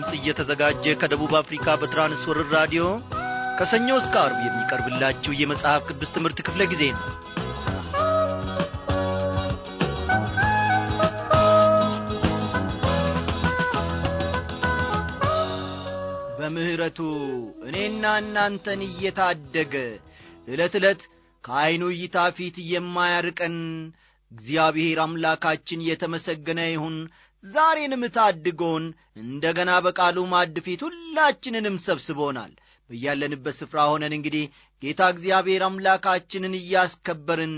ድምፅ እየተዘጋጀ ከደቡብ አፍሪካ በትራንስወርር ራዲዮ ከሰኞ እስከ አርብ የሚቀርብላችሁ የመጽሐፍ ቅዱስ ትምህርት ክፍለ ጊዜ ነው በምሕረቱ እኔና እናንተን እየታደገ ዕለት ዕለት ከዐይኑ እይታ ፊት የማያርቀን እግዚአብሔር አምላካችን የተመሰገነ ይሁን ዛሬንም ታድጎን እንደ ገና በቃሉ ማድፊት ፊት ሁላችንንም ሰብስቦናል በያለንበት ስፍራ ሆነን እንግዲህ ጌታ እግዚአብሔር አምላካችንን እያስከበርን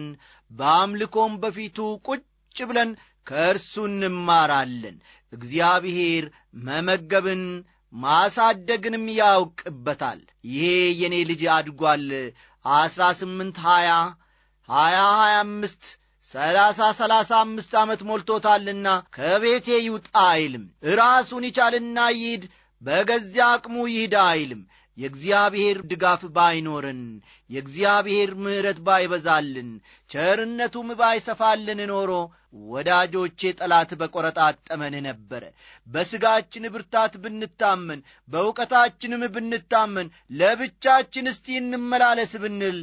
በአምልኮም በፊቱ ቁጭ ብለን ከእርሱ እንማራለን እግዚአብሔር መመገብን ማሳደግንም ያውቅበታል ይሄ የእኔ ልጅ አድጓል ዐሥራ ስምንት ሀያ ሀያ ሀያ አምስት ሰላሳ ሰላሳ አምስት ዓመት ሞልቶታልና ከቤቴ ይውጣ አይልም። ራሱን ይቻልና ይሂድ፣ በገዚያ አቅሙ ይሂድ አይልም። የእግዚአብሔር ድጋፍ ባይኖርን፣ የእግዚአብሔር ምሕረት ባይበዛልን፣ ቸርነቱም ባይሰፋልን ኖሮ ወዳጆቼ ጠላት በቈረጣጠመን ነበረ። በሥጋችን ብርታት ብንታመን፣ በእውቀታችንም ብንታመን፣ ለብቻችን እስቲ እንመላለስ ብንል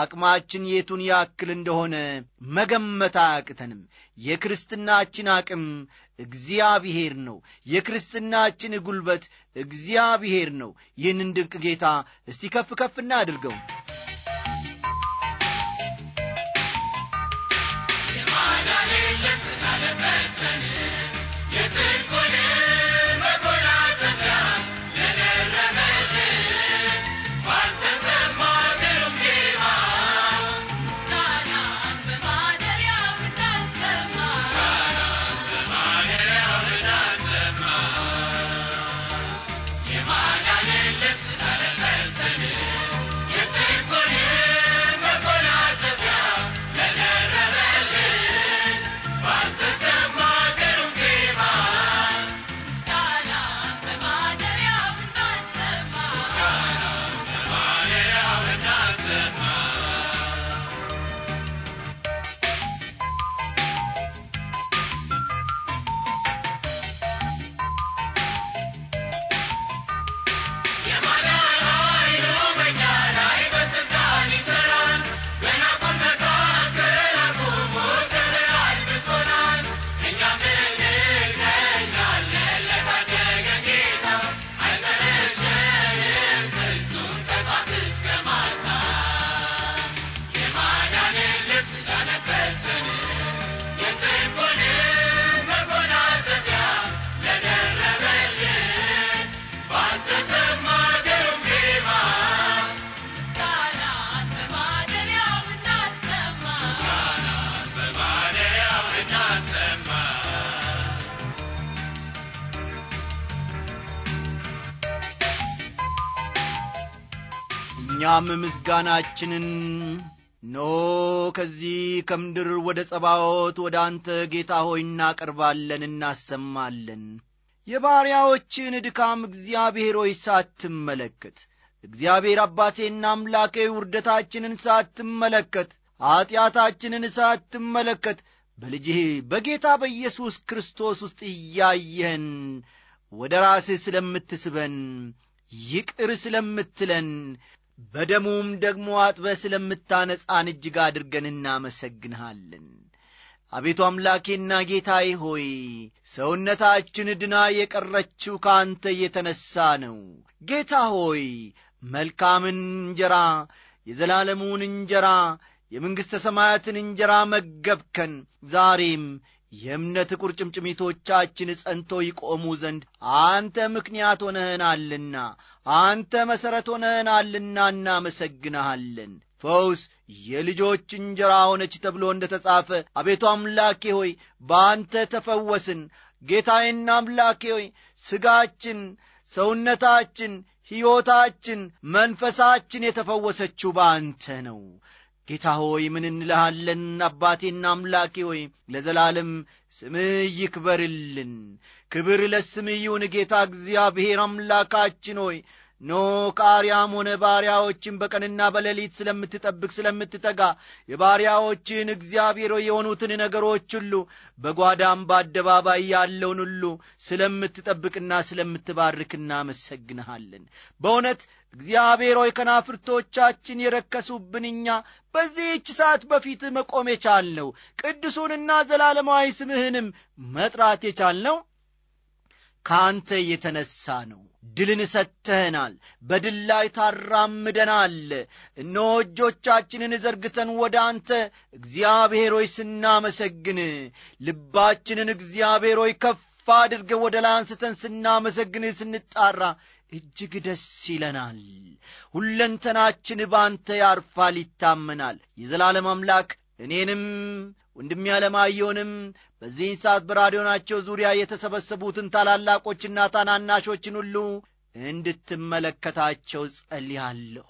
አቅማችን የቱን ያክል እንደሆነ መገመት አያቅተንም። የክርስትናችን አቅም እግዚአብሔር ነው። የክርስትናችን ጉልበት እግዚአብሔር ነው። ይህንን ድንቅ ጌታ እስቲ ከፍ ከፍ እናድርገው። የማዳን የትርጉ ምስጋናችንን ኖ ከዚህ ከምድር ወደ ጸባዖት ወደ አንተ ጌታ ሆይ እናቀርባለን እናሰማለን የባሪያዎችን ድካም እግዚአብሔር ሆይ ሳትመለከት እግዚአብሔር አባቴና አምላኬ ውርደታችንን ሳትመለከት ኀጢአታችንን ሳትመለከት በልጅህ በጌታ በኢየሱስ ክርስቶስ ውስጥ እያየህን ወደ ራስህ ስለምትስበን ይቅር ስለምትለን በደሙም ደግሞ አጥበ ስለምታነጻን እጅግ አድርገን እናመሰግንሃለን። አቤቱ አምላኬና ጌታዬ ሆይ ሰውነታችን ድና የቀረችው ከአንተ እየተነሣ ነው። ጌታ ሆይ መልካምን እንጀራ፣ የዘላለሙን እንጀራ፣ የመንግሥተ ሰማያትን እንጀራ መገብከን ዛሬም የእምነት ቁርጭምጭሚቶቻችን ጸንቶ ይቆሙ ዘንድ አንተ ምክንያት ሆነህናልና አንተ መሠረት ሆነህናልና እናመሰግንሃለን። ፈውስ የልጆች እንጀራ ሆነች ተብሎ እንደ ተጻፈ አቤቱ አምላኬ ሆይ በአንተ ተፈወስን። ጌታዬና አምላኬ ሆይ ሥጋችን፣ ሰውነታችን ሕይወታችን፣ መንፈሳችን የተፈወሰችው በአንተ ነው። ጌታ ሆይ ምን እንልሃለን? አባቴና አምላኬ ሆይ ለዘላለም ስምህ ይክበርልን። ክብር ለስምህ ይሁን። ጌታ እግዚአብሔር አምላካችን ሆይ ኖ ከአርያም ሆነ ባሪያዎችን በቀንና በሌሊት ስለምትጠብቅ ስለምትተጋ የባሪያዎችን እግዚአብሔር የሆኑትን ነገሮች ሁሉ በጓዳም በአደባባይ ያለውን ሁሉ ስለምትጠብቅና ስለምትባርክ እናመሰግንሃለን። በእውነት እግዚአብሔር ሆይ ከናፍርቶቻችን የረከሱብን እኛ በዚህች ሰዓት በፊት መቆም የቻልነው ቅዱሱንና ዘላለማዊ ስምህንም መጥራት የቻልነው ከአንተ የተነሣ ነው። ድልን ሰጥተህናል፣ በድል ላይ ታራምደናል። እነሆ እጆቻችንን ዘርግተን ወደ አንተ እግዚአብሔር ሆይ ስናመሰግን፣ ልባችንን እግዚአብሔር ሆይ ከፍ አድርገ ወደ ላይ አንስተን ስናመሰግን ስንጣራ እጅግ ደስ ይለናል። ሁለንተናችን በአንተ ያርፋል፣ ይታመናል። የዘላለም አምላክ እኔንም ወንድም ያለማየውንም በዚህ ሰዓት በራዲዮናቸው ዙሪያ የተሰበሰቡትን ታላላቆችና ታናናሾችን ሁሉ እንድትመለከታቸው ጸልያለሁ።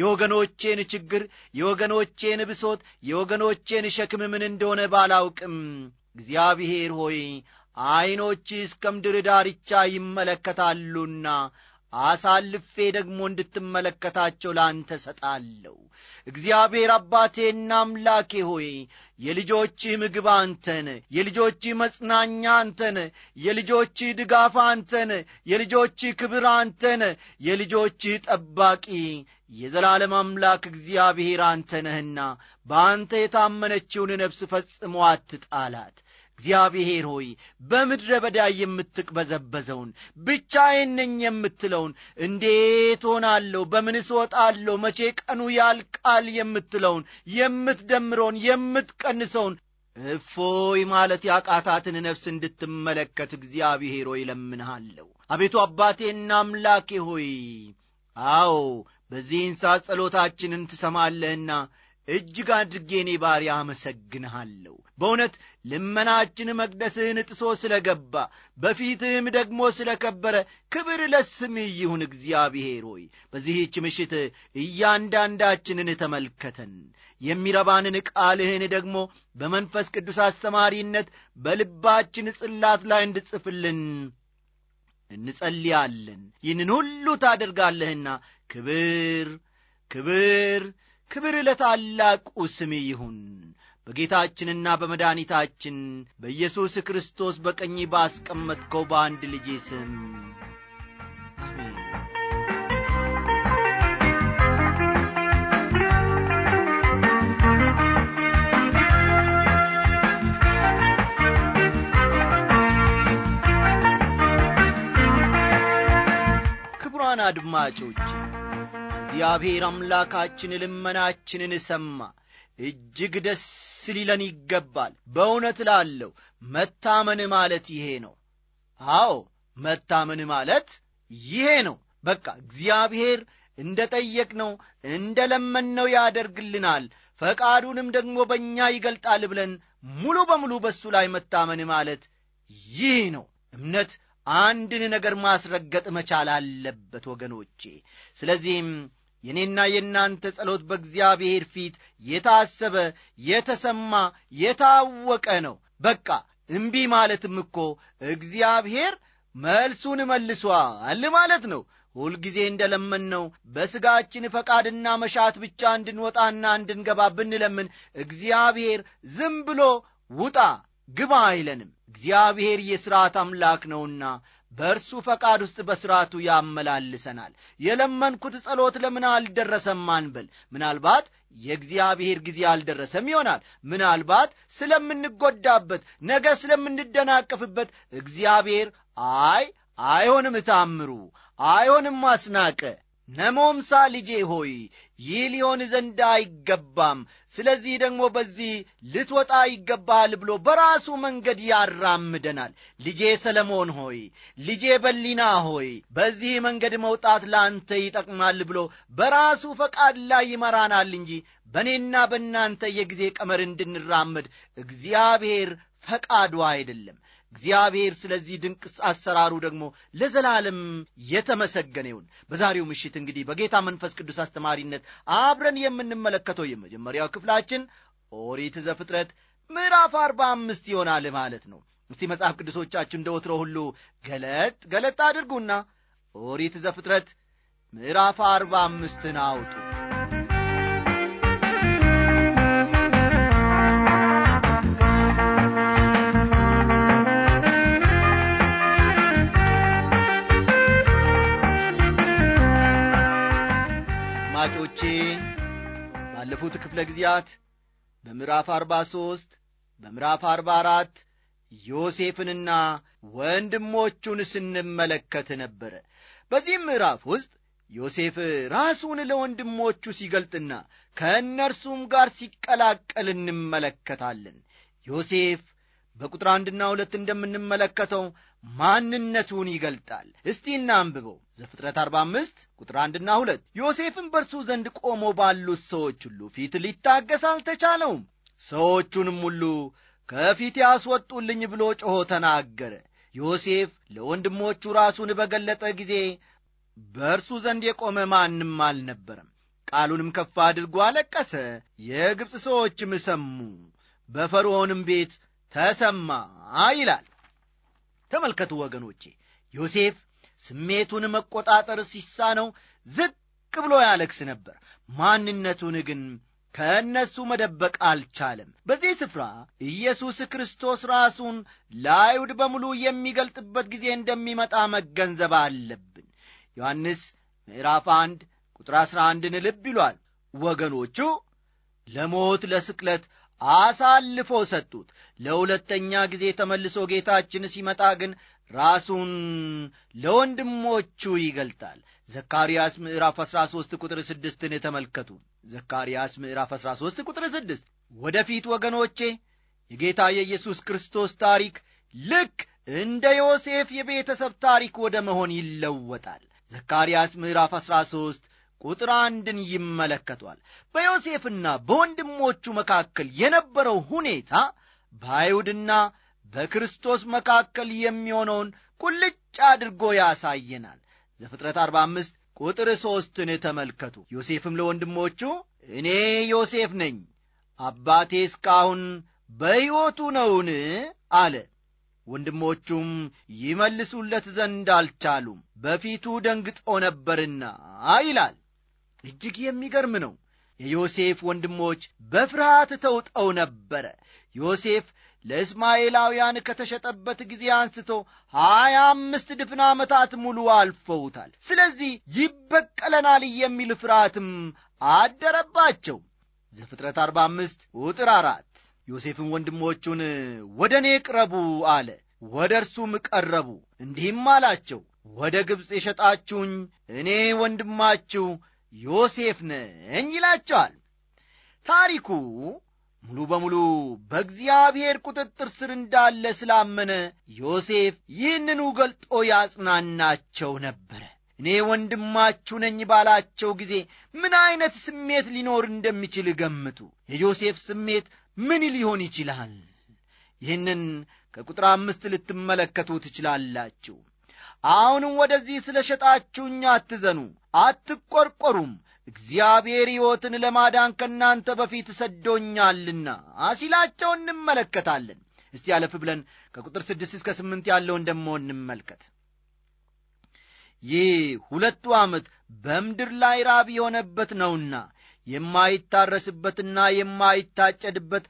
የወገኖቼን ችግር፣ የወገኖቼን ብሶት፣ የወገኖቼን ሸክም ምን እንደሆነ ባላውቅም እግዚአብሔር ሆይ ዐይኖች እስከ ምድር ዳርቻ ይመለከታሉና አሳልፌ ደግሞ እንድትመለከታቸው ለአንተ ሰጣለሁ። እግዚአብሔር አባቴና አምላኬ ሆይ የልጆችህ ምግብ አንተን፣ የልጆችህ መጽናኛ አንተን፣ የልጆችህ ድጋፍ አንተን፣ የልጆችህ ክብር አንተን፣ የልጆችህ ጠባቂ የዘላለም አምላክ እግዚአብሔር አንተ ነህና በአንተ የታመነችውን ነፍስ ፈጽሞ አትጣላት። እግዚአብሔር ሆይ በምድረ በዳ የምትቅበዘበዘውን ብቻዬን ነኝ የምትለውን እንዴት ሆናለሁ፣ በምን ስወጣለሁ፣ መቼ ቀኑ ያልቃል የምትለውን የምትደምረውን የምትቀንሰውን እፎይ ማለት ያቃታትን ነፍስ እንድትመለከት እግዚአብሔር ሆይ ለምንሃለሁ። አቤቱ አባቴና አምላኬ ሆይ አዎ፣ በዚህን ሰዓት ጸሎታችንን ትሰማለህና እጅግ አድርጌ እኔ ባሪያ አመሰግንሃለሁ። በእውነት ልመናችን መቅደስህን ጥሶ ስለ ገባ በፊትህም ደግሞ ስለ ከበረ ክብር ለስምህ ይሁን። እግዚአብሔር ሆይ በዚህች ምሽት እያንዳንዳችንን ተመልከተን፣ የሚረባንን ቃልህን ደግሞ በመንፈስ ቅዱስ አስተማሪነት በልባችን ጽላት ላይ እንድጽፍልን እንጸልያለን። ይህንን ሁሉ ታደርጋለህና ክብር ክብር ክብር ለታላቁ ስም ይሁን በጌታችንና በመድኃኒታችን በኢየሱስ ክርስቶስ በቀኝ ባስቀመጥከው በአንድ ልጄ ስም ክቡራን አድማጮች እግዚአብሔር አምላካችን ልመናችንን ሰማ እጅግ ደስ ሊለን ይገባል በእውነት ላለው መታመን ማለት ይሄ ነው አዎ መታመን ማለት ይሄ ነው በቃ እግዚአብሔር እንደ ጠየቅነው እንደ ለመንነው ያደርግልናል ፈቃዱንም ደግሞ በእኛ ይገልጣል ብለን ሙሉ በሙሉ በእሱ ላይ መታመን ማለት ይህ ነው እምነት አንድን ነገር ማስረገጥ መቻል አለበት ወገኖቼ ስለዚህም የእኔና የእናንተ ጸሎት በእግዚአብሔር ፊት የታሰበ የተሰማ የታወቀ ነው። በቃ እምቢ ማለትም እኮ እግዚአብሔር መልሱን መልሷል ማለት ነው። ሁልጊዜ ነው በሥጋችን ፈቃድና መሻት ብቻ እንድንወጣና እንድንገባ ብንለምን እግዚአብሔር ዝም ብሎ ውጣ ግባ አይለንም። እግዚአብሔር የሥርዓት አምላክ ነውና በእርሱ ፈቃድ ውስጥ በሥርዓቱ ያመላልሰናል። የለመንኩት ጸሎት ለምን አልደረሰም አንበል። ምናልባት የእግዚአብሔር ጊዜ አልደረሰም ይሆናል። ምናልባት ስለምንጎዳበት፣ ነገ ስለምንደናቀፍበት እግዚአብሔር አይ አይሆንም፣ ታምሩ አይሆንም፣ አስናቀ ነሞምሳ ልጄ ሆይ ይህ ሊሆን ዘንድ አይገባም፣ ስለዚህ ደግሞ በዚህ ልትወጣ ይገባል ብሎ በራሱ መንገድ ያራምደናል። ልጄ ሰለሞን ሆይ፣ ልጄ በሊና ሆይ፣ በዚህ መንገድ መውጣት ለአንተ ይጠቅማል ብሎ በራሱ ፈቃድ ላይ ይመራናል እንጂ በእኔና በእናንተ የጊዜ ቀመር እንድንራመድ እግዚአብሔር ፈቃዱ አይደለም። እግዚአብሔር ስለዚህ ድንቅ አሰራሩ ደግሞ ለዘላለም የተመሰገነ ይሁን። በዛሬው ምሽት እንግዲህ በጌታ መንፈስ ቅዱስ አስተማሪነት አብረን የምንመለከተው የመጀመሪያው ክፍላችን ኦሪት ዘፍጥረት ምዕራፍ አርባ አምስት ይሆናል ማለት ነው። እስቲ መጽሐፍ ቅዱሶቻችሁ እንደ ወትሮ ሁሉ ገለጥ ገለጥ አድርጉና ኦሪት ዘፍጥረት ምዕራፍ አርባ አምስትን አውጡ። ክፍለ ጊዜያት በምዕራፍ አርባ ሦስት በምዕራፍ አርባ አራት ዮሴፍንና ወንድሞቹን ስንመለከት ነበረ። በዚህም ምዕራፍ ውስጥ ዮሴፍ ራሱን ለወንድሞቹ ሲገልጥና ከእነርሱም ጋር ሲቀላቀል እንመለከታለን። ዮሴፍ በቁጥር አንድና ሁለት እንደምንመለከተው ማንነቱን ይገልጣል። እስቲ እናንብበው ዘፍጥረት 45 ቁጥር 1ና 2 ዮሴፍም በእርሱ ዘንድ ቆሞ ባሉት ሰዎች ሁሉ ፊት ሊታገስ አልተቻለውም። ሰዎቹንም ሁሉ ከፊት ያስወጡልኝ ብሎ ጮኾ ተናገረ። ዮሴፍ ለወንድሞቹ ራሱን በገለጠ ጊዜ በእርሱ ዘንድ የቆመ ማንም አልነበረም። ቃሉንም ከፍ አድርጎ አለቀሰ። የግብፅ ሰዎችም ሰሙ፣ በፈርዖንም ቤት ተሰማ ይላል። ተመልከቱ ወገኖቼ ዮሴፍ ስሜቱን መቆጣጠር ሲሳነው ዝቅ ብሎ ያለክስ ነበር ማንነቱን ግን ከእነሱ መደበቅ አልቻለም በዚህ ስፍራ ኢየሱስ ክርስቶስ ራሱን ለአይሁድ በሙሉ የሚገልጥበት ጊዜ እንደሚመጣ መገንዘብ አለብን ዮሐንስ ምዕራፍ 1 ቁጥር 11ን ልብ ይሏል ወገኖቹ ለሞት ለስቅለት አሳልፎ ሰጡት። ለሁለተኛ ጊዜ ተመልሶ ጌታችን ሲመጣ ግን ራሱን ለወንድሞቹ ይገልጣል። ዘካርያስ ምዕራፍ 13 ቁጥር 6 ተመልከቱ። ዘካርያስ ምዕራፍ 13 ቁጥር 6 ወደፊት ወገኖቼ የጌታ የኢየሱስ ክርስቶስ ታሪክ ልክ እንደ ዮሴፍ የቤተሰብ ታሪክ ወደ መሆን ይለወጣል። ዘካርያስ ምዕራፍ 13 ቁጥር አንድን ይመለከቷል። በዮሴፍና በወንድሞቹ መካከል የነበረው ሁኔታ በአይሁድና በክርስቶስ መካከል የሚሆነውን ቁልጭ አድርጎ ያሳየናል። ዘፍጥረት 45 ቁጥር ሦስትን ተመልከቱ። ዮሴፍም ለወንድሞቹ እኔ ዮሴፍ ነኝ፣ አባቴ እስካሁን በሕይወቱ ነውን? አለ። ወንድሞቹም ይመልሱለት ዘንድ አልቻሉም፣ በፊቱ ደንግጦ ነበርና ይላል። እጅግ የሚገርም ነው። የዮሴፍ ወንድሞች በፍርሃት ተውጠው ነበረ። ዮሴፍ ለእስማኤላውያን ከተሸጠበት ጊዜ አንስቶ ሀያ አምስት ድፍን ዓመታት ሙሉ አልፈውታል። ስለዚህ ይበቀለናል የሚል ፍርሃትም አደረባቸው። ዘፍጥረት 45 ቁጥር አራት ዮሴፍም ወንድሞቹን ወደ እኔ ቅረቡ አለ። ወደ እርሱም ቀረቡ፣ እንዲህም አላቸው ወደ ግብፅ የሸጣችሁኝ እኔ ወንድማችሁ ዮሴፍ ነኝ ይላቸዋል። ታሪኩ ሙሉ በሙሉ በእግዚአብሔር ቁጥጥር ስር እንዳለ ስላመነ ዮሴፍ ይህንኑ ገልጦ ያጽናናቸው ነበረ። እኔ ወንድማችሁ ነኝ ባላቸው ጊዜ ምን ዐይነት ስሜት ሊኖር እንደሚችል ገምቱ። የዮሴፍ ስሜት ምን ሊሆን ይችላል? ይህንን ከቁጥር አምስት ልትመለከቱ ትችላላችሁ። አሁንም ወደዚህ ስለ ሸጣችሁኛ አትዘኑ፣ አትቈርቈሩም እግዚአብሔር ሕይወትን ለማዳን ከእናንተ በፊት ሰዶኛልና አሲላቸው እንመለከታለን። እስቲ አለፍ ብለን ከቁጥር ስድስት እስከ ስምንት ያለውን ደሞ እንመልከት። ይህ ሁለቱ ዓመት በምድር ላይ ራብ የሆነበት ነውና የማይታረስበትና የማይታጨድበት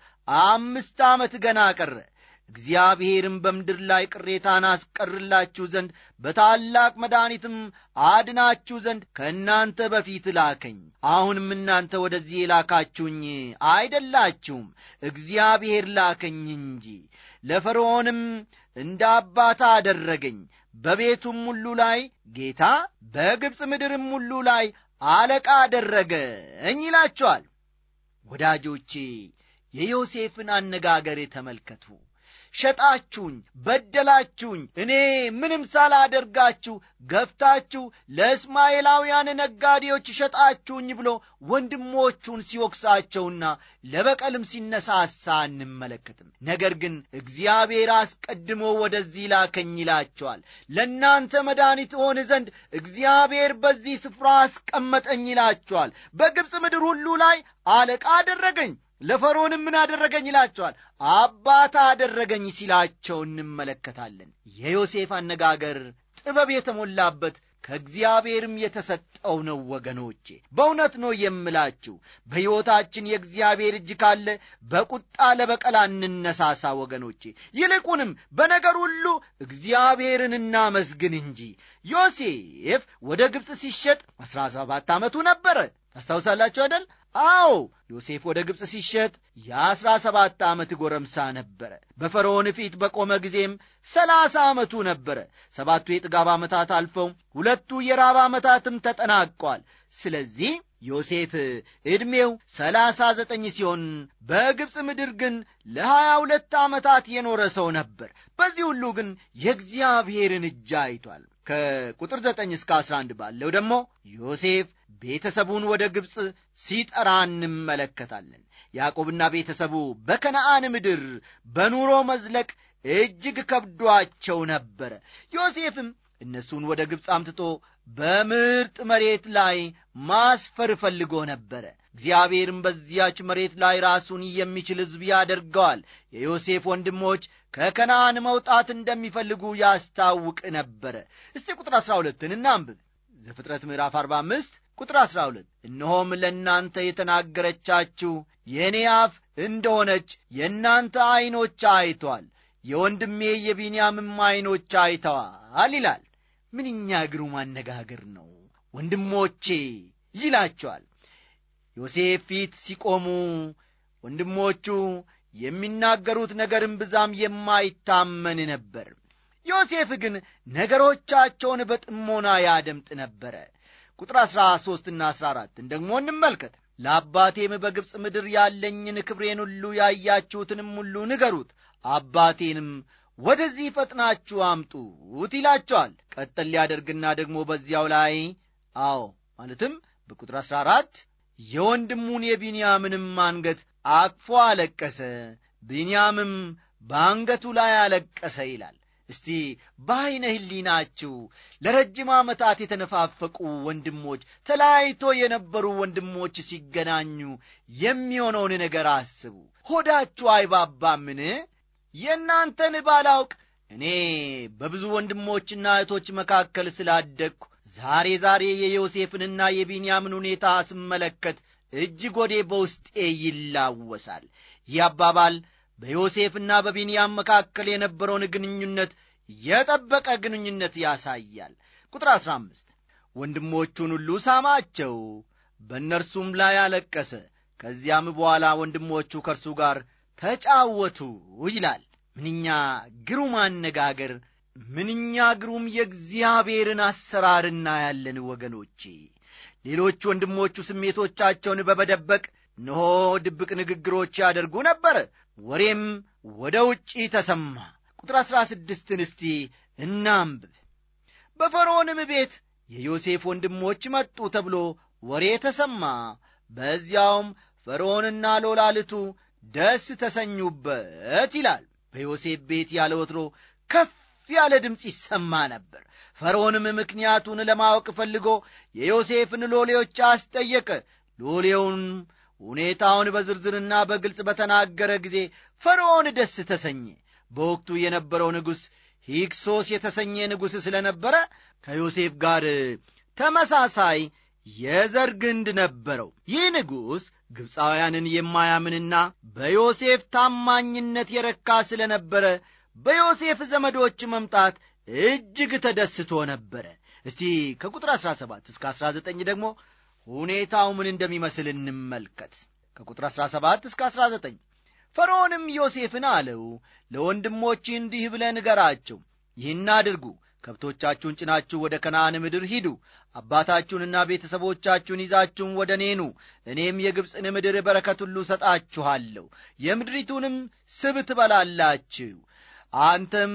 አምስት ዓመት ገና ቀረ። እግዚአብሔርም በምድር ላይ ቅሬታን አስቀርላችሁ ዘንድ በታላቅ መድኃኒትም አድናችሁ ዘንድ ከእናንተ በፊት ላከኝ። አሁንም እናንተ ወደዚህ የላካችሁኝ አይደላችሁም፣ እግዚአብሔር ላከኝ እንጂ። ለፈርዖንም እንደ አባት አደረገኝ፣ በቤቱም ሁሉ ላይ ጌታ፣ በግብፅ ምድርም ሁሉ ላይ አለቃ አደረገኝ ይላችኋል። ወዳጆቼ የዮሴፍን አነጋገር ተመልከቱ። ሸጣችሁኝ፣ በደላችሁኝ፣ እኔ ምንም ሳላደርጋችሁ ገፍታችሁ ለእስማኤላውያን ነጋዴዎች ሸጣችሁኝ ብሎ ወንድሞቹን ሲወቅሳቸውና ለበቀልም ሲነሳሳ አንመለከትም። ነገር ግን እግዚአብሔር አስቀድሞ ወደዚህ ላከኝ ይላቸዋል። ለእናንተ መድኃኒት ሆን ዘንድ እግዚአብሔር በዚህ ስፍራ አስቀመጠኝ ይላቸዋል። በግብፅ ምድር ሁሉ ላይ አለቃ አደረገኝ ለፈርዖንም ምን አደረገኝ ይላቸዋል። አባት አደረገኝ ሲላቸው እንመለከታለን። የዮሴፍ አነጋገር ጥበብ የተሞላበት ከእግዚአብሔርም የተሰጠው ነው። ወገኖቼ በእውነት ነው የምላችሁ፣ በሕይወታችን የእግዚአብሔር እጅ ካለ በቁጣ ለበቀላ እንነሳሳ ወገኖቼ። ይልቁንም በነገር ሁሉ እግዚአብሔርን እናመስግን እንጂ። ዮሴፍ ወደ ግብፅ ሲሸጥ አሥራ ሰባት ዓመቱ ነበረ። ታስታውሳላችሁ አደል? አዎ ዮሴፍ ወደ ግብፅ ሲሸጥ የአሥራ ሰባት ዓመት ጎረምሳ ነበረ። በፈርዖን ፊት በቆመ ጊዜም ሰላሳ ዓመቱ ነበረ። ሰባቱ የጥጋብ ዓመታት አልፈው ሁለቱ የራብ ዓመታትም ተጠናቋል። ስለዚህ ዮሴፍ ዕድሜው ሰላሳ ዘጠኝ ሲሆን በግብፅ ምድር ግን ለሀያ ሁለት ዓመታት የኖረ ሰው ነበር። በዚህ ሁሉ ግን የእግዚአብሔርን እጅ አይቷል። ከቁጥር 9 እስከ 11 ባለው ደግሞ ዮሴፍ ቤተሰቡን ወደ ግብፅ ሲጠራ እንመለከታለን። ያዕቆብና ቤተሰቡ በከነአን ምድር በኑሮ መዝለቅ እጅግ ከብዷቸው ነበረ። ዮሴፍም እነሱን ወደ ግብፅ አምትቶ በምርጥ መሬት ላይ ማስፈር ፈልጎ ነበረ። እግዚአብሔርም በዚያች መሬት ላይ ራሱን የሚችል ሕዝብ ያደርገዋል። የዮሴፍ ወንድሞች ከከናን መውጣት እንደሚፈልጉ ያስታውቅ ነበረ። እስቲ ቁጥር አሥራ ሁለትን እናንብብ። ዘፍጥረት ምዕራፍ አርባ አምስት ቁጥር አሥራ ሁለት እነሆም ለእናንተ የተናገረቻችሁ የእኔ አፍ እንደሆነች የእናንተ ዐይኖች አይቷል፣ የወንድሜ የቢንያምም ዐይኖች አይተዋል ይላል። ምንኛ ግሩም አነጋገር ነው! ወንድሞቼ ይላቸዋል። ዮሴፍ ፊት ሲቆሙ ወንድሞቹ የሚናገሩት ነገርም ብዛም የማይታመን ነበር። ዮሴፍ ግን ነገሮቻቸውን በጥሞና ያደምጥ ነበረ። ቁጥር 13ና 14 ደግሞ እንመልከት። ለአባቴም በግብፅ ምድር ያለኝን ክብሬን ሁሉ ያያችሁትንም ሁሉ ንገሩት፣ አባቴንም ወደዚህ ፈጥናችሁ አምጡት ይላቸዋል። ቀጠል ሊያደርግና ደግሞ በዚያው ላይ አዎ ማለትም በቁጥር 14 የወንድሙን የቢንያምንም አንገት አቅፎ አለቀሰ፣ ብንያምም በአንገቱ ላይ አለቀሰ ይላል። እስቲ በዐይነ ሕሊናችሁ ለረጅም ዓመታት የተነፋፈቁ ወንድሞች፣ ተለያይቶ የነበሩ ወንድሞች ሲገናኙ የሚሆነውን ነገር አስቡ። ሆዳችሁ አይባባምን? የእናንተን ባላውቅ እኔ በብዙ ወንድሞችና እህቶች መካከል ስላደግሁ ዛሬ ዛሬ የዮሴፍንና የቢንያምን ሁኔታ ስመለከት እጅግ ወዴ በውስጤ ይላወሳል። ይህ አባባል በዮሴፍና በቢንያም መካከል የነበረውን ግንኙነት የጠበቀ ግንኙነት ያሳያል። ቁጥር 15 ወንድሞቹን ሁሉ ሳማቸው፣ በእነርሱም ላይ አለቀሰ። ከዚያም በኋላ ወንድሞቹ ከእርሱ ጋር ተጫወቱ ይላል። ምንኛ ግሩም አነጋገር! ምንኛ ግሩም የእግዚአብሔርን አሰራር እናያለን ወገኖቼ። ሌሎች ወንድሞቹ ስሜቶቻቸውን በመደበቅ ንሆ ድብቅ ንግግሮች ያደርጉ ነበር ወሬም ወደ ውጪ ተሰማ ቁጥር አሥራ ስድስትን እስቲ እናንብብ በፈርዖንም ቤት የዮሴፍ ወንድሞች መጡ ተብሎ ወሬ ተሰማ በዚያውም ፈርዖንና ሎላልቱ ደስ ተሰኙበት ይላል በዮሴፍ ቤት ያለ ወትሮ ከፍ ያለ ድምፅ ይሰማ ነበር ፈርዖንም ምክንያቱን ለማወቅ ፈልጎ የዮሴፍን ሎሌዎች አስጠየቀ። ሎሌውን ሁኔታውን በዝርዝርና በግልጽ በተናገረ ጊዜ ፈርዖን ደስ ተሰኘ። በወቅቱ የነበረው ንጉሥ ሂክሶስ የተሰኘ ንጉሥ ስለ ነበረ ከዮሴፍ ጋር ተመሳሳይ የዘር ግንድ ነበረው። ይህ ንጉሥ ግብፃውያንን የማያምንና በዮሴፍ ታማኝነት የረካ ስለ ነበረ በዮሴፍ ዘመዶች መምጣት እጅግ ተደስቶ ነበረ። እስቲ ከቁጥር 17 እስከ 19 ደግሞ ሁኔታው ምን እንደሚመስል እንመልከት። ከቁጥር 17 እስከ 19 ፈርዖንም ዮሴፍን አለው፣ ለወንድሞች እንዲህ ብለህ ንገራቸው፣ ይህን አድርጉ ከብቶቻችሁን ጭናችሁ ወደ ከነዓን ምድር ሂዱ። አባታችሁንና ቤተሰቦቻችሁን ይዛችሁም ወደ እኔኑ፣ እኔም የግብፅን ምድር በረከት ሁሉ ሰጣችኋለሁ፣ የምድሪቱንም ስብ ትበላላችሁ። አንተም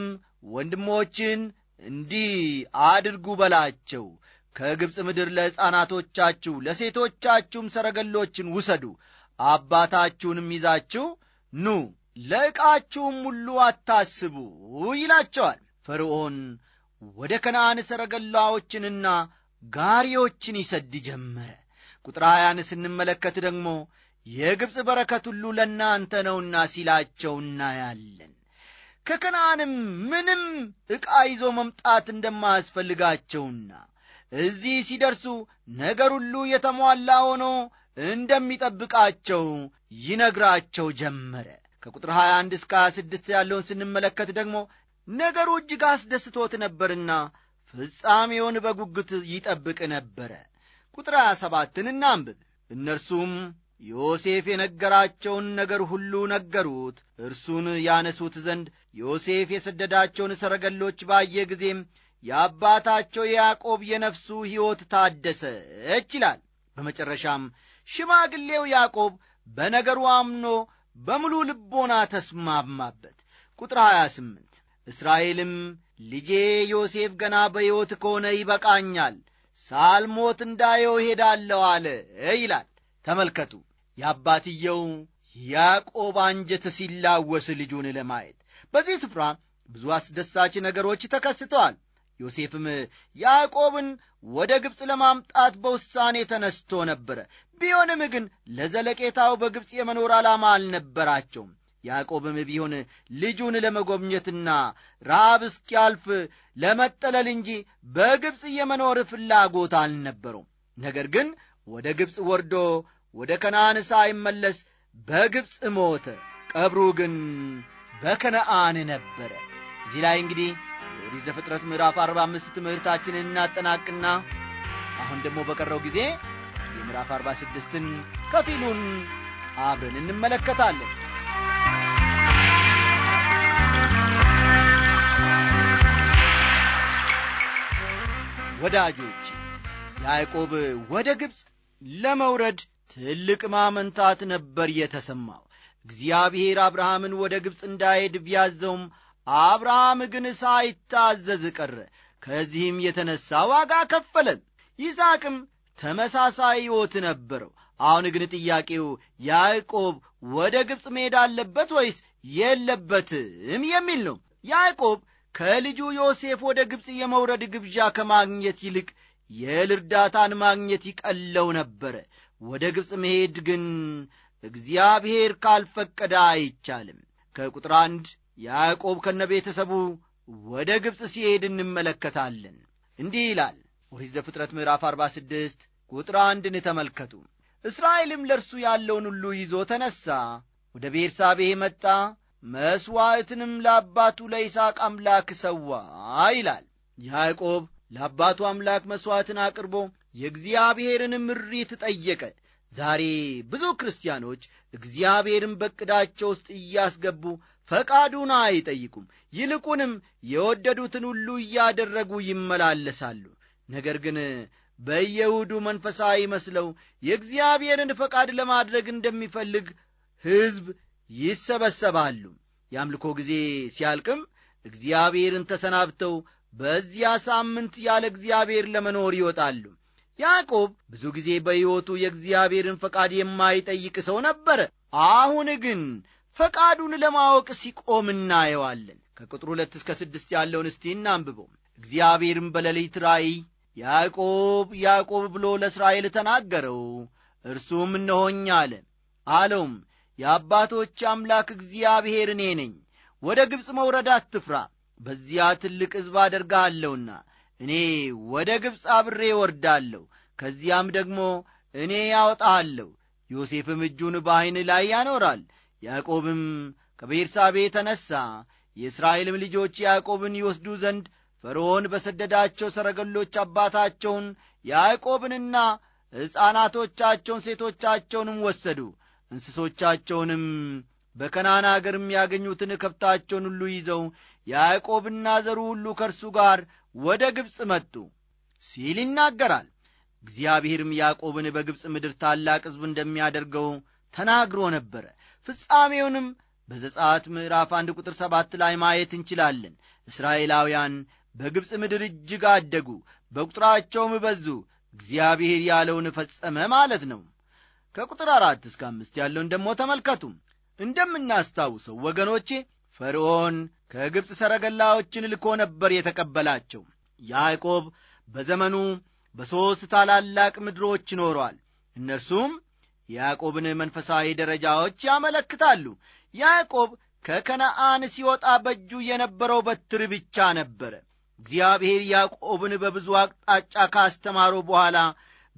ወንድሞችን እንዲህ አድርጉ በላቸው ከግብፅ ምድር ለሕፃናቶቻችሁ ለሴቶቻችሁም ሰረገሎችን ውሰዱ አባታችሁንም ይዛችሁ ኑ ለዕቃችሁም ሁሉ አታስቡ ይላቸዋል ፈርዖን ወደ ከነአን ሰረገላዎችንና ጋሪዎችን ይሰድ ጀመረ ቁጥር ስንመለከት ደግሞ የግብፅ በረከት ሁሉ ለእናንተ ነውና ሲላቸው እናያለን ከከነአንም ምንም ዕቃ ይዞ መምጣት እንደማያስፈልጋቸውና እዚህ ሲደርሱ ነገር ሁሉ የተሟላ ሆኖ እንደሚጠብቃቸው ይነግራቸው ጀመረ። ከቁጥር 21 እስከ 26 ያለውን ስንመለከት ደግሞ ነገሩ እጅግ አስደስቶት ነበርና ፍጻሜውን በጉጉት ይጠብቅ ነበረ። ቁጥር 27ን እናንብብ። እነርሱም ዮሴፍ የነገራቸውን ነገር ሁሉ ነገሩት። እርሱን ያነሱት ዘንድ ዮሴፍ የሰደዳቸውን ሰረገሎች ባየ ጊዜም የአባታቸው ያዕቆብ የነፍሱ ሕይወት ታደሰች ይላል። በመጨረሻም ሽማግሌው ያዕቆብ በነገሩ አምኖ በሙሉ ልቦና ተስማማበት። ቁጥር 28 እስራኤልም ልጄ ዮሴፍ ገና በሕይወት ከሆነ ይበቃኛል፣ ሳልሞት እንዳየው ሄዳለሁ አለ ይላል። ተመልከቱ የአባትየው ያዕቆብ አንጀት ሲላወስ ልጁን ለማየት በዚህ ስፍራ ብዙ አስደሳች ነገሮች ተከስተዋል። ዮሴፍም ያዕቆብን ወደ ግብፅ ለማምጣት በውሳኔ ተነስቶ ነበረ። ቢሆንም ግን ለዘለቄታው በግብፅ የመኖር ዓላማ አልነበራቸውም። ያዕቆብም ቢሆን ልጁን ለመጎብኘትና ረሃብ እስኪያልፍ ለመጠለል እንጂ በግብፅ የመኖር ፍላጎት አልነበረውም። ነገር ግን ወደ ግብፅ ወርዶ ወደ ከነአን ሳይመለስ በግብፅ ሞተ። ቀብሩ ግን በከነአን ነበረ። እዚህ ላይ እንግዲህ የኦሪት ዘፍጥረት ምዕራፍ አርባ አምስት ትምህርታችንን እናጠናቅና አሁን ደግሞ በቀረው ጊዜ የምዕራፍ አርባ ስድስትን ከፊሉን አብረን እንመለከታለን። ወዳጆች ያዕቆብ ወደ ግብፅ ለመውረድ ትልቅ ማመንታት ነበር የተሰማው። እግዚአብሔር አብርሃምን ወደ ግብፅ እንዳሄድ ቢያዘውም አብርሃም ግን ሳይታዘዝ ቀረ። ከዚህም የተነሣ ዋጋ ከፈለ ይስቅም ተመሳሳይ ሕይወት ነበረው። አሁን ግን ጥያቄው ያዕቆብ ወደ ግብፅ መሄድ አለበት ወይስ የለበትም የሚል ነው። ያዕቆብ ከልጁ ዮሴፍ ወደ ግብፅ የመውረድ ግብዣ ከማግኘት ይልቅ የእህል እርዳታን ማግኘት ይቀለው ነበረ። ወደ ግብፅ መሄድ ግን እግዚአብሔር ካልፈቀደ አይቻልም። ከቁጥር አንድ ያዕቆብ ከነ ቤተሰቡ ወደ ግብፅ ሲሄድ እንመለከታለን። እንዲህ ይላል ኦሪት ዘፍጥረት ምዕራፍ 46 ቁጥር አንድን ተመልከቱ። እስራኤልም ለእርሱ ያለውን ሁሉ ይዞ ተነሣ፣ ወደ ቤርሳቤህ መጣ፣ መሥዋዕትንም ለአባቱ ለይስሐቅ አምላክ ሰዋ ይላል። ያዕቆብ ለአባቱ አምላክ መሥዋዕትን አቅርቦ የእግዚአብሔርን ምሪት ጠየቀ። ዛሬ ብዙ ክርስቲያኖች እግዚአብሔርን በቅዳቸው ውስጥ እያስገቡ ፈቃዱን አይጠይቁም። ይልቁንም የወደዱትን ሁሉ እያደረጉ ይመላለሳሉ። ነገር ግን በየእሁዱ መንፈሳዊ መስለው የእግዚአብሔርን ፈቃድ ለማድረግ እንደሚፈልግ ሕዝብ ይሰበሰባሉ። የአምልኮ ጊዜ ሲያልቅም እግዚአብሔርን ተሰናብተው በዚያ ሳምንት ያለ እግዚአብሔር ለመኖር ይወጣሉ። ያዕቆብ ብዙ ጊዜ በሕይወቱ የእግዚአብሔርን ፈቃድ የማይጠይቅ ሰው ነበረ። አሁን ግን ፈቃዱን ለማወቅ ሲቆም እናየዋለን። ከቁጥር ሁለት እስከ ስድስት ያለውን እስቲ እናንብበው። እግዚአብሔርም በሌሊት ራእይ ያዕቆብ ያዕቆብ ብሎ ለእስራኤል ተናገረው። እርሱም እነሆኝ አለ። አለውም የአባቶች አምላክ እግዚአብሔር እኔ ነኝ። ወደ ግብፅ መውረድ አትፍራ፣ በዚያ ትልቅ ሕዝብ አደርግሃለሁና እኔ ወደ ግብፅ አብሬ ወርዳለሁ ከዚያም ደግሞ እኔ ያወጣሃለሁ። ዮሴፍም እጁን በዐይን ላይ ያኖራል። ያዕቆብም ከቤርሳቤ ተነሣ። የእስራኤልም ልጆች ያዕቆብን ይወስዱ ዘንድ ፈርዖን በሰደዳቸው ሰረገሎች አባታቸውን ያዕቆብንና ሕፃናቶቻቸውን ሴቶቻቸውንም ወሰዱ። እንስሶቻቸውንም በከናን አገርም ያገኙትን ከብታቸውን ሁሉ ይዘው ያዕቆብና ዘሩ ሁሉ ከእርሱ ጋር ወደ ግብፅ መጡ ሲል ይናገራል። እግዚአብሔርም ያዕቆብን በግብፅ ምድር ታላቅ ሕዝብ እንደሚያደርገው ተናግሮ ነበረ። ፍጻሜውንም በዘጻት ምዕራፍ አንድ ቁጥር ሰባት ላይ ማየት እንችላለን። እስራኤላውያን በግብፅ ምድር እጅግ አደጉ፣ በቁጥራቸውም በዙ። እግዚአብሔር ያለውን ፈጸመ ማለት ነው። ከቁጥር አራት እስከ አምስት ያለውን ደግሞ ተመልከቱ። እንደምናስታውሰው ወገኖቼ ፈርዖን ከግብፅ ሰረገላዎችን ልኮ ነበር የተቀበላቸው። ያዕቆብ በዘመኑ በሦስት ታላላቅ ምድሮች ይኖሯል። እነርሱም ያዕቆብን መንፈሳዊ ደረጃዎች ያመለክታሉ። ያዕቆብ ከከነአን ሲወጣ በእጁ የነበረው በትር ብቻ ነበረ። እግዚአብሔር ያዕቆብን በብዙ አቅጣጫ ካስተማሩ በኋላ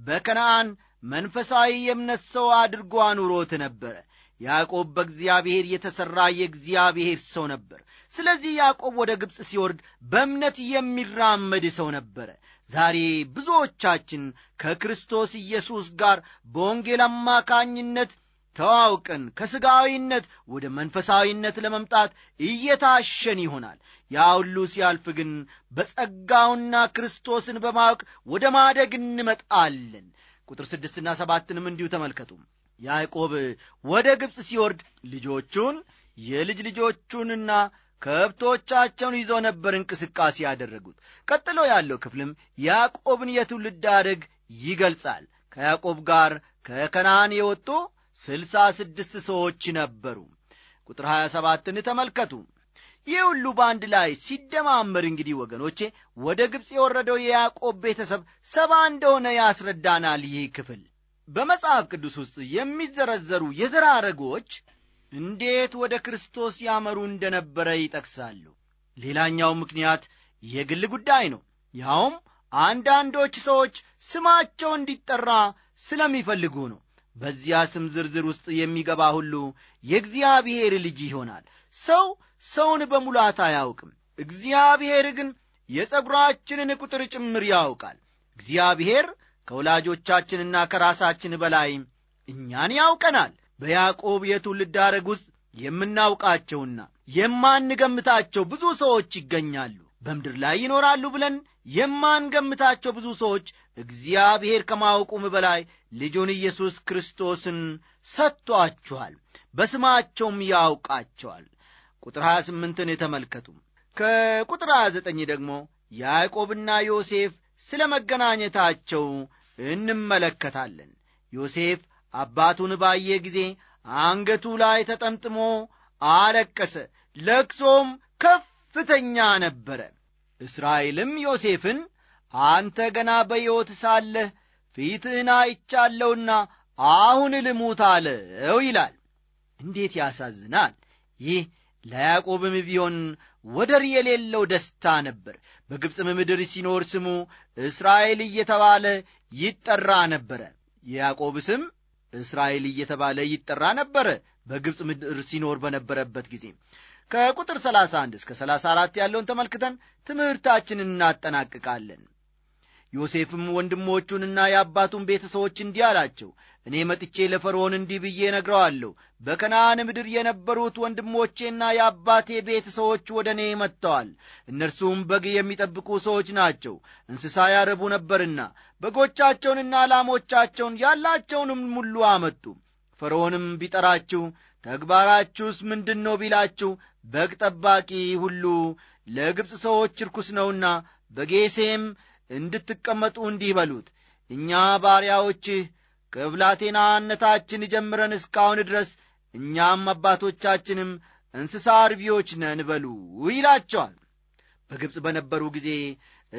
በከነአን መንፈሳዊ የእምነት ሰው አድርጎ አኑሮት ነበረ። ያዕቆብ በእግዚአብሔር የተሠራ የእግዚአብሔር ሰው ነበር። ስለዚህ ያዕቆብ ወደ ግብፅ ሲወርድ በእምነት የሚራመድ ሰው ነበረ። ዛሬ ብዙዎቻችን ከክርስቶስ ኢየሱስ ጋር በወንጌል አማካኝነት ተዋውቀን ከሥጋዊነት ወደ መንፈሳዊነት ለመምጣት እየታሸን ይሆናል። ያ ሁሉ ሲያልፍ ግን በጸጋውና ክርስቶስን በማወቅ ወደ ማደግ እንመጣለን። ቁጥር ስድስትና ሰባትንም እንዲሁ ተመልከቱም ያዕቆብ ወደ ግብፅ ሲወርድ ልጆቹን የልጅ ልጆቹንና ከብቶቻቸውን ይዞ ነበር እንቅስቃሴ ያደረጉት ቀጥሎ ያለው ክፍልም ያዕቆብን የትውልድ ሐረግ ይገልጻል ከያዕቆብ ጋር ከከናን የወጡ ስልሳ ስድስት ሰዎች ነበሩ ቁጥር 27ን ተመልከቱ ይህ ሁሉ በአንድ ላይ ሲደማመር እንግዲህ ወገኖቼ ወደ ግብፅ የወረደው የያዕቆብ ቤተሰብ ሰባ እንደሆነ ያስረዳናል ይህ ክፍል በመጽሐፍ ቅዱስ ውስጥ የሚዘረዘሩ የዘራረጎች እንዴት ወደ ክርስቶስ ያመሩ እንደነበረ ይጠቅሳሉ። ሌላኛው ምክንያት የግል ጉዳይ ነው። ያውም አንዳንዶች ሰዎች ስማቸው እንዲጠራ ስለሚፈልጉ ነው። በዚያ ስም ዝርዝር ውስጥ የሚገባ ሁሉ የእግዚአብሔር ልጅ ይሆናል። ሰው ሰውን በሙላት አያውቅም። እግዚአብሔር ግን የጸጉራችንን ቁጥር ጭምር ያውቃል። እግዚአብሔር ከወላጆቻችንና ከራሳችን በላይ እኛን ያውቀናል። በያዕቆብ የትውልድ ሐረግ ውስጥ የምናውቃቸውና የማንገምታቸው ብዙ ሰዎች ይገኛሉ። በምድር ላይ ይኖራሉ ብለን የማንገምታቸው ብዙ ሰዎች እግዚአብሔር ከማወቁም በላይ ልጁን ኢየሱስ ክርስቶስን ሰጥቷችኋል፣ በስማቸውም ያውቃቸዋል። ቁጥር 28ን የተመልከቱ። ከቁጥር 29 ደግሞ ያዕቆብና ዮሴፍ ስለ መገናኘታቸው እንመለከታለን። ዮሴፍ አባቱን ባየ ጊዜ አንገቱ ላይ ተጠምጥሞ አለቀሰ፣ ለቅሶም ከፍተኛ ነበረ። እስራኤልም ዮሴፍን አንተ ገና በሕይወት ሳለህ ፊትህን አይቻለሁና አሁን ልሙት አለው ይላል። እንዴት ያሳዝናል! ይህ ለያዕቆብም ቢሆን ወደር የሌለው ደስታ ነበር። በግብፅም ምድር ሲኖር ስሙ እስራኤል እየተባለ ይጠራ ነበረ። የያዕቆብ ስም እስራኤል እየተባለ ይጠራ ነበረ በግብፅ ምድር ሲኖር በነበረበት ጊዜ። ከቁጥር 31 እስከ 34 ያለውን ተመልክተን ትምህርታችንን እናጠናቅቃለን። ዮሴፍም ወንድሞቹንና የአባቱን ቤተሰቦች እንዲህ አላቸው፣ እኔ መጥቼ ለፈርዖን እንዲህ ብዬ ነግረዋለሁ በከነዓን ምድር የነበሩት ወንድሞቼና የአባቴ ቤተሰዎች ወደ እኔ መጥተዋል። እነርሱም በግ የሚጠብቁ ሰዎች ናቸው። እንስሳ ያረቡ ነበርና በጎቻቸውንና ላሞቻቸውን ያላቸውንም ሙሉ አመጡ። ፈርዖንም ቢጠራችሁ ተግባራችሁስ ምንድን ነው ቢላችሁ፣ በግ ጠባቂ ሁሉ ለግብፅ ሰዎች ርኩስ ነውና በጌሴም እንድትቀመጡ እንዲህ በሉት እኛ ባሪያዎችህ ከብላቴናነታችን ጀምረን እስካሁን ድረስ እኛም አባቶቻችንም እንስሳ አርቢዎች ነን በሉ ይላቸዋል። በግብፅ በነበሩ ጊዜ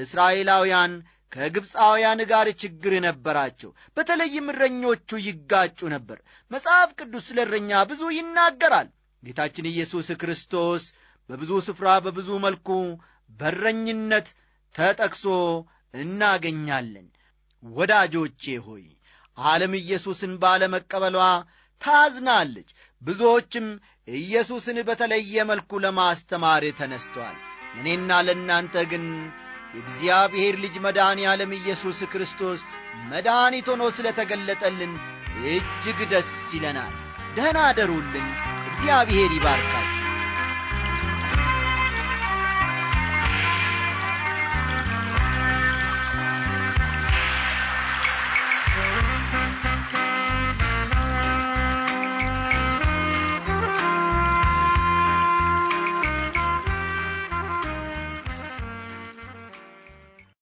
እስራኤላውያን ከግብፃውያን ጋር ችግር ነበራቸው። በተለይም እረኞቹ ይጋጩ ነበር። መጽሐፍ ቅዱስ ስለ እረኛ ብዙ ይናገራል። ጌታችን ኢየሱስ ክርስቶስ በብዙ ስፍራ በብዙ መልኩ በረኝነት ተጠቅሶ እናገኛለን። ወዳጆቼ ሆይ ዓለም ኢየሱስን ባለመቀበሏ ታዝናለች። ብዙዎችም ኢየሱስን በተለየ መልኩ ለማስተማር ተነስተዋል። ለእኔና ለእናንተ ግን የእግዚአብሔር ልጅ መድኃኔ ዓለም ኢየሱስ ክርስቶስ መድኃኒት ሆኖ ስለ ተገለጠልን እጅግ ደስ ይለናል። ደህና አደሩልን። እግዚአብሔር ይባርካችሁ።